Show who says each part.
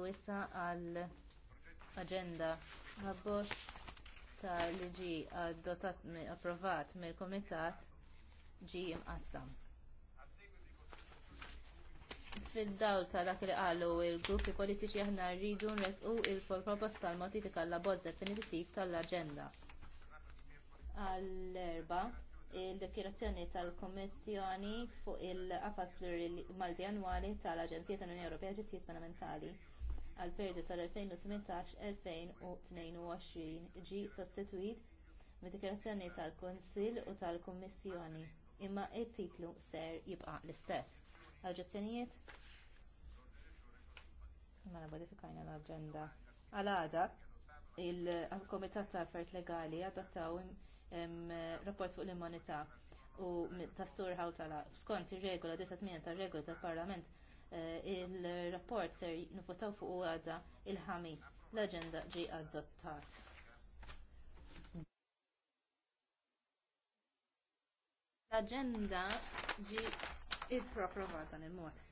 Speaker 1: Naddu issa għal agenda għabbox ta' li ġi approvat mill komitat ġi imqassam. Fid-dawl ta' dak li qalu l gruppi politiċi aħna rridu nresqu l proposta tal-modifika l bozza definitiv tal-aġenda. Għall-erba, il-dekirazzjoni tal-Kommissjoni fuq il-qafas Malti annwali tal-Aġenzija tal-Unjoni Ewropea ġittijiet Fundamentali għal periodu tal-2018-2022 ġie sostituit mid-dikjarazzjoni tal-Kunsill u tal-Kummissjoni imma t-titlu ser jibqa' l-istess. Oġġezzjonijiet? Ma mela, modifikajna l-aġenda. Għal għada, il-Komitat ta' Affert Legali adottaw rapport fuq l-immunità u tas-surħaw tal skont ir-regola 98 tar-regola tal-Parlament Eh, il-rapport ser nifotaw fuq għadha il-ħamis l aġenda ġie adottat. L-aġenda ġie ippropravata nil-mod.